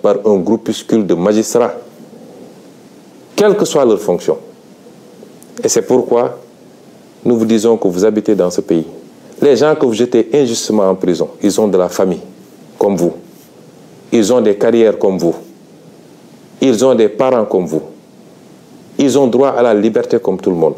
par un groupuscule de magistrats, quelle que soit leur fonction. Et c'est pourquoi nous vous disons que vous habitez dans ce pays. Les gens que vous jetez injustement en prison, ils ont de la famille, comme vous. Ils ont des carrières comme vous. Ils ont des parents comme vous. Ils ont droit à la liberté comme tout le monde.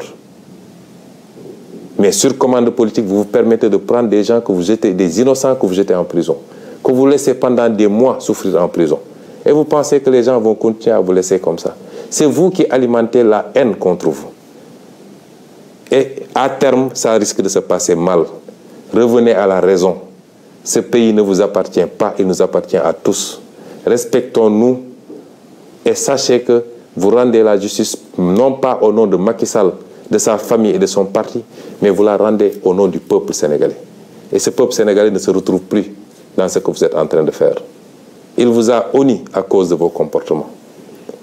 Mais sur commande politique, vous vous permettez de prendre des gens que vous jetez, des innocents que vous jetez en prison. que vous laissez pendant des mois souffrir en prison. Et vous pensez que les gens vont continuer à vous laisser comme ça. C'est vous qui alimentez la haine contre vous. Et à terme, ça risque de se passer mal. Revenez à la raison. Ce pays ne vous appartient pas, il nous appartient à tous. Respectons-nous et sachez que vous rendez la justice non pas au nom de Macky Sall, de sa famille et de son parti, mais vous la rendez au nom du peuple sénégalais. Et ce peuple sénégalais ne dans ce que vous êtes en train de faire. Il vous a honni à cause de vos comportements.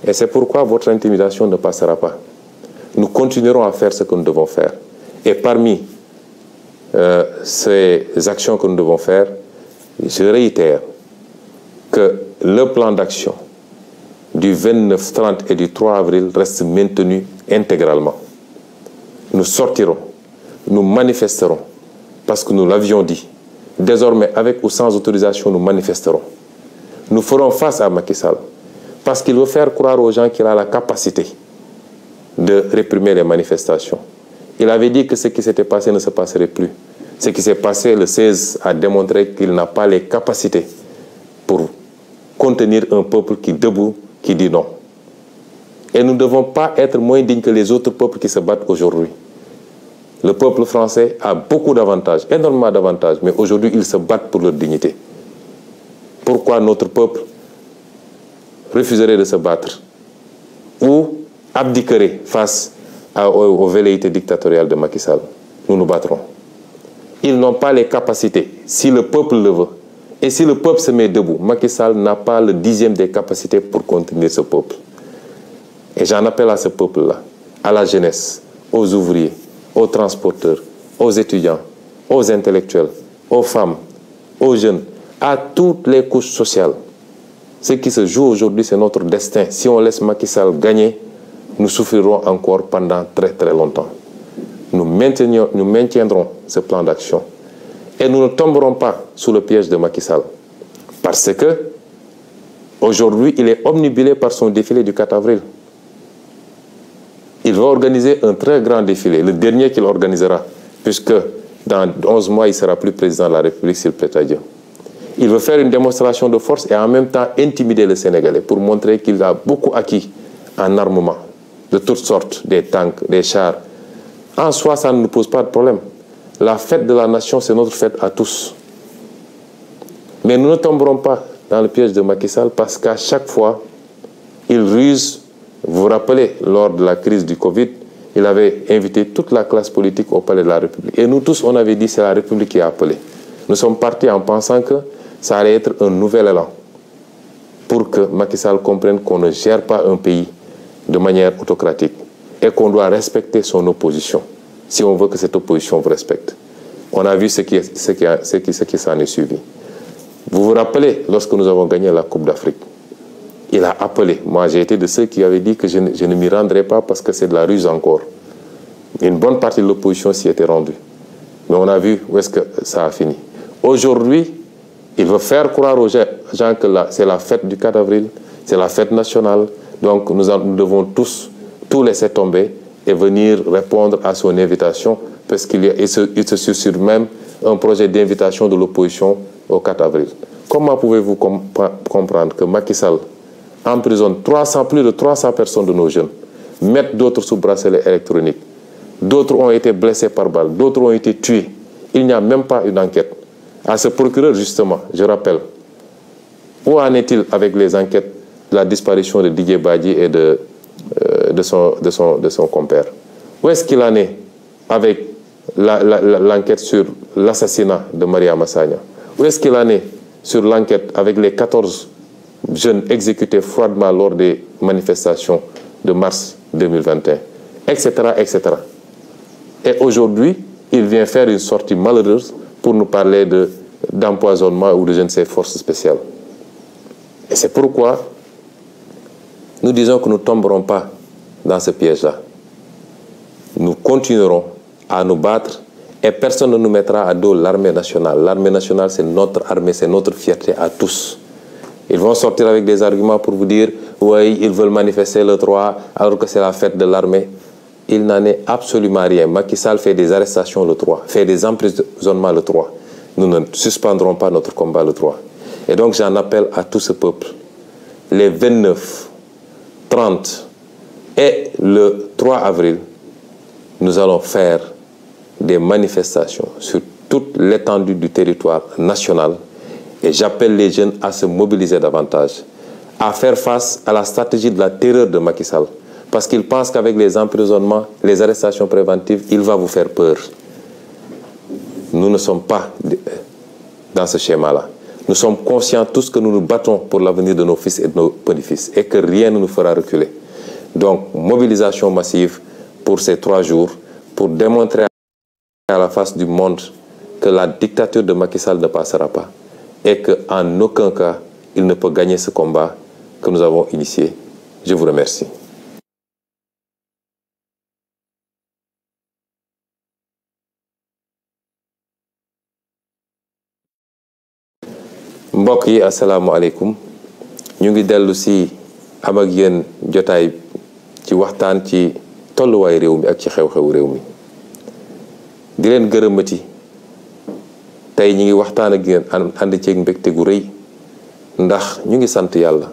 Et c'est pourquoi votre intimidation ne passera pas. Nous continuerons à faire ce que nous devons faire. Et parmi euh, ces actions que nous devons faire, je réitère que le plan d'action du 29, 30 et du 3 avril reste maintenu intégralement. Nous sortirons, nous manifesterons, parce que nous l'avions dit, Désormais, avec ou sans autorisation, nous manifesterons. Nous ferons face à Macky Sall parce qu'il veut faire croire aux gens qu'il a la capacité de réprimer les manifestations. Il avait dit que ce qui s'était passé ne se passerait plus. Ce qui s'est passé le 16 a démontré qu'il n'a pas les capacités pour contenir un peuple qui debout, qui dit non. Et nous ne devons pas être moins dignes que les autres peuples qui se battent aujourd'hui. Le peuple français a beaucoup d'avantages, énormément d'avantages, mais aujourd'hui, ils se battent pour leur dignité. Pourquoi notre peuple refuserait de se battre ou abdiquerait face à, aux, aux velléités de Macky Sall Nous nous battrons. Ils n'ont pas les capacités, si le peuple le veut. Et si le peuple se met debout, Macky Sall n'a pas le dixième des capacités pour contenir ce peuple. Et j'en appelle à ce peuple-là, à la jeunesse, aux ouvriers, aux transporteurs, aux étudiants, aux intellectuels, aux femmes, aux jeunes, à toutes les couches sociales. Ce qui se joue aujourd'hui, c'est notre destin. Si on laisse Macky Sall gagner, nous souffrirons encore pendant très très longtemps. Nous, nous maintiendrons ce plan d'action et nous ne tomberons pas sous le piège de Macky Sall. Parce que aujourd'hui, il est omnibulé par son défilé du 4 avril. il va organiser un très grand défilé, le dernier qu'il organisera, puisque dans 11 mois, il sera plus président de la République s'il plaît à Dieu. Il veut faire une démonstration de force et en même temps intimider le Sénégalais pour montrer qu'il a beaucoup acquis en armement, de toutes sortes, des tanks, des chars. En soi, ça ne nous pose pas de problème. La fête de la nation, c'est notre fête à tous. Mais nous ne tomberons pas dans le piège de Macky Sall parce qu'à chaque fois, il ruse Vous vous rappelez, lors de la crise du Covid, il avait invité toute la classe politique au Palais de la République. Et nous tous, on avait dit c'est la République qui a appelé. Nous sommes partis en pensant que ça allait être un nouvel élan pour que Macky Sall comprenne qu'on ne gère pas un pays de manière autocratique et qu'on doit respecter son opposition si on veut que cette opposition vous respecte. On a vu ce qui, ce qui, s'en est suivi. Vous vous rappelez lorsque il a appelé. Moi, j'ai été de ceux qui avaient dit que je ne, je ne m'y rendrai pas parce que c'est de la ruse encore. Une bonne partie de l'opposition s'y était rendue. Mais on a vu où est-ce que ça a fini. Aujourd'hui, il veut faire croire aux gens que c'est la fête du 4 avril, c'est la fête nationale. Donc nous, en, nous, devons tous, tous laisser tomber et venir répondre à son invitation parce qu'il il se, il se susurre même un projet d'invitation de l'opposition au 4 avril. Comment pouvez-vous comp comprendre que Macky Sall, emprisonne 300, plus de 300 personnes de nos jeunes, mettent d'autres sous bracelet électronique. D'autres ont été blessés par balle, d'autres ont été tués. Il n'y a même pas une enquête. À ce procureur, justement, je rappelle, où en est-il avec les enquêtes de la disparition de Didier Badi et de, euh, de, son, de, son, de son compère Où est-ce qu'il en est avec l'enquête sur l'assassinat de Maria Massagna Où est-ce qu'il en est sur l'enquête avec les jeunes exécutés froidement lors des manifestations de mars 2021, etc., etc. Et aujourd'hui, il vient faire une sortie malheureuse pour nous parler de d'empoisonnement ou de je ne sais forces spéciales. Et c'est pourquoi nous disons que nous ne tomberons pas dans ce piège-là. Nous continuerons à nous battre et personne ne nous mettra à dos l'armée nationale. L'armée nationale, c'est notre armée, c'est notre fierté à tous. Ils vont sortir des arguments pour vous dire, oui, ils veulent le droit alors que c'est la de l'armée. Il n'en est absolument rien. Macky Sall fait des arrestations le 3, fait des emprisonnements le 3. Nous ne suspendrons pas notre combat le 3. Et donc j'en appelle à tout ce peuple, les 29, 30 et le 3 avril, nous allons des manifestations sur toute l'étendue du territoire national Et j'appelle les jeunes à se mobiliser davantage, à faire face à la stratégie de la terreur de Macky Parce qu'il pense qu'avec les emprisonnements, les arrestations préventives, il va vous faire peur. Nous ne sommes pas dans ce schéma Nous sommes conscients tous que nous nous battons pour l'avenir de nos fils et de nos petits et que rien ne nous fera reculer. Donc, mobilisation massive pour ces trois jours pour démontrer à la face du monde que la de Macky Sall ne passera et qu'en aucun cas, il mbokk yi asalaamaaleykum ñu ngi dellu si am ak jotaay ci waxtaan ci tolluwaay réew mi ak ci xew xew réew mi di leen gërëmati tey ñi ngi waxtaan ak yéen ànd ceeg mbégte gu rëy ndax ñu ngi sant yàlla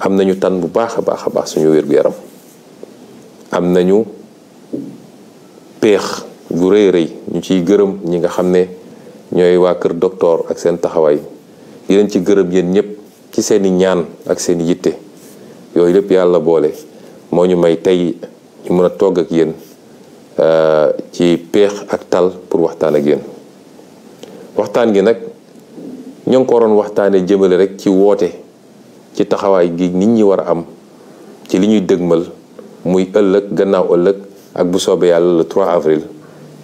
am nañu tan bu baax a baax a baax suñu wér-gu-yaram am nañu peex gu rëy rëy ñu ciy gërëm ñi nga xam ne ñooy waa kër docteur ak seen taxawaay di ci gërëm yéen ñëpp ci seeni ñaan ak seen yitte yooyu lépp yàlla boole moo ñu may tey ñu mën a togg ak yéen euh, ci peex ak tal pour waxtaan ak yéen waxtaan gi nag ñoo ngi ko waroon waxtaanee jëmale rek ci woote ci taxawaay gi nit ñi war a am ci li ñuy dëgmal muy ëllëg gannaaw ëllëg ak bu soobee yàlla le trois avril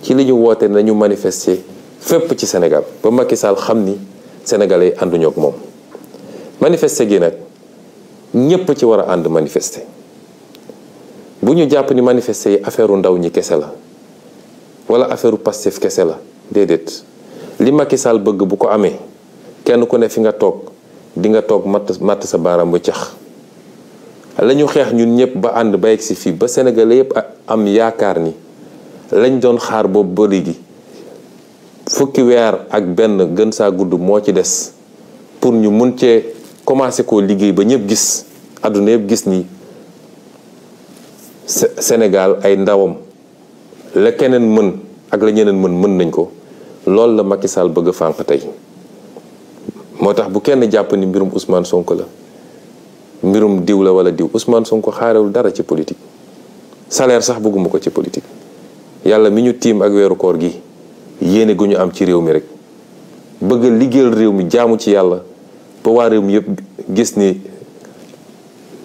ci li ñu woote nañu manifester fépp ci Sénégal ba Macky Sall xam ni sénégalais ànduñook moom manifeste gi nag ñépp ci war a ànd manifester bu ñu jàpp ni manifester yi affaire ndaw ñi kese la walla affaire Pastef kese la déedéet li Macky Sall bëgg bu ko amee kenn ku ne fi nga toog di nga toog matt matt sa baaraam bu cax la ñu xeex ñun ñëpp ba ànd ba yegg si fii ba Sénégalais yëpp am yaakaar ni lañ doon xaar boobu bëri gi fukki weer ak benn gën saa gudd moo ci des pour ñu mun cee commencé koo liggéey ba ñëpp gis àdduna yëpp gis ni senegal ay ndawam la keneen mën ak la ñeneen mën mën nañ ko loolu la Macky Sall bëgg fànq tey moo tax bu kenn jàpp ni mbirum usmaan Sonko la mbirum diw la wala diw Ousmane Sonko xaarewul dara ci politique salaire sax bëgguma ko ci politik yàlla mi ñu tiim ak weeru koor gi yéene gu ñu am ci réew mi rek bëgg a liggéeyal réew mi jaamu ci yàlla ba waa réew mi yëpp gis ni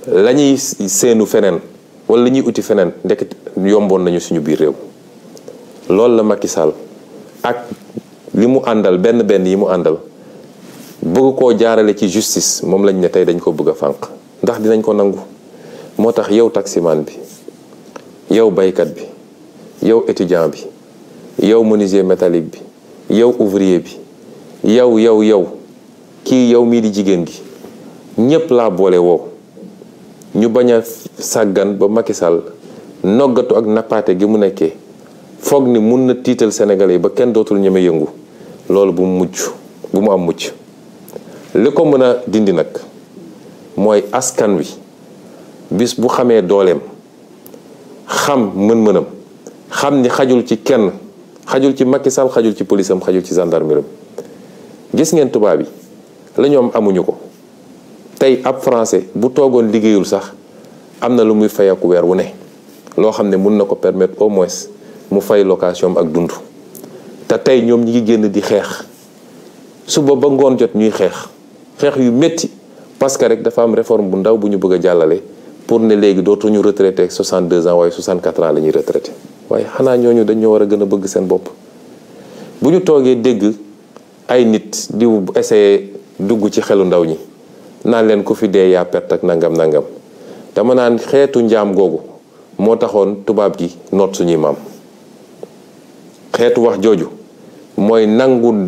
lañuy seenu feneen wala lañuy uti feneen ndeket yomboon nañu suñu biir réew loolu la Macky Sall ak li mu àndal benn benn yi mu àndal bëgg koo jaarale ci justice moom lañ ne tey dañ ko bëgg a fànq ndax dinañ ko nangu moo tax yow taximaan bi yow baykat bi yow étudiant bi yow menuisier métallique bi yow ouvrier bi yow yow yow kii yow mii di jigéen gi ñépp laa boole woow ñu bañ a sàggan ba Macky Sall noggatu ak nappaate gi mu nekkee foog ni mun na tiital Sénégalais yi ba kenn dootul ñeme yëngu loolu bu mu mucc bu mu am mucc li ko mën a dindi nag mooy askan wi bis bu xamee dooleem xam mën-mënam xam ni xajul ci kenn xajul ci Macky Sall xajul ci police am xajul ci gendarmerie am gis ngeen tubaab yi la ñoom amuñu ko tey ab francais bu toogoon liggéeyul sax am na lu muy fayeeku weer wu ne loo xam ne mun na ko permettre au moins mu fay location ak dund te tey ñoom ñi ngi génn di xeex suba ba ngoon jot ñuy xeex xeex yu métti parce que rek dafa am réforme bu ndaw bu ñu bëgg a jàllale pour ne léegi dootuñu retraité ak 62 ans waaye 64 ans la ñuy retraité waaye xanaa ñooñu dañoo war a gën a bëgg seen bopp bu ñu toogee dégg ay nit di essayé dugg ci xelu ndaw ñi naan leen ku fi dee yaa perte ak nangam nangam dama naan xeetu njaam googu moo taxoon tubaab gi noot suñuy maam xeetu wax jooju mooy nangu